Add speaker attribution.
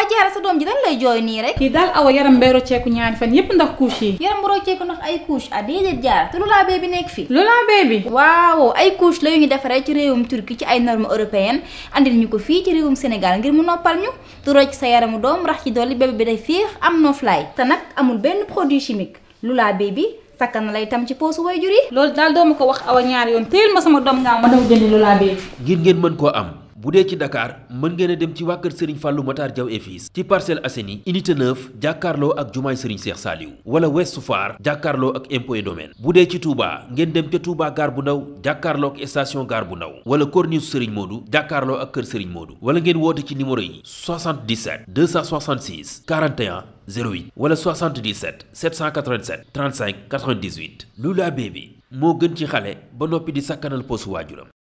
Speaker 1: waaye jaara sa doom ji dañ lay jooy nii rek kii daal awa yaram bay rocceeku ñaari fan yépp ndax couche yi yaram bu rocceeku ndax ay couche ah déedéet jaara te Lula Baby la yu ñu defaree ci réewum Turquie ci ay normes européennes andil ko fii ci réewum Sénégal ngir mu noppal ñu du rocc sa yaramu doom rax ci dolli bébé bi day féex am noflaay te nag amul benn produit chimique Lula bi sakkan na lay tam ci poosu way jur
Speaker 2: yi loolu daal doo ko wax awa ñaari yoon téel ma sama doom nga ma dama jëndi Lula
Speaker 3: Baby
Speaker 4: ngir ngeen mën ko am bu dee ci Dakar mën ngeen a dem ci waa kër Serigne Fallou Matar Diaw et Fils ci Parcelles Assainies unité 9 jàkkaarloo ak jumaay Serigne Cheikh Saliou wala Ouest Foire jàkkaarloo ak Impôts et bu dee ci Touba ngeen dem ca Touba gare bu ndaw jàkkaarloo ak station gare bu ndaw wala corniche Serigne Modou jàkkaarloo ak kër Serigne Modou wala ngeen woote ci numéro yi 77 266 41 08 wala 77 787 35 98 moo gën ci xale ba noppi di sakkanal posu waajuram